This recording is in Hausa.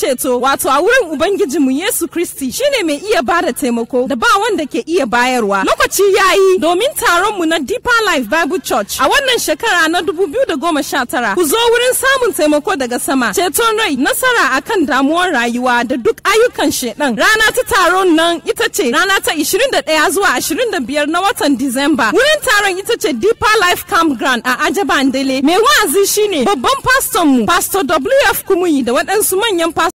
ceto wato a wurin ubangijinmu Yesu Kristi shine mai iya ba da taimako da ba wanda ke iya bayarwa lokaci yayi domin taron mu na Deeper Life Bible Church a wannan shekara na 2019 ku zo wurin samun taimako daga sama ceton rai nasara akan damuwar rayuwa da duk ayyukan shedan rana ta taron nan ita ce rana ta 21 zuwa 25 na watan Disamba wurin taron ita ce Deeper Life Camp Grand a Ajaba dele mai wa'azi shine babban pastor mu Pastor WF Kumuyi da waɗansu manyan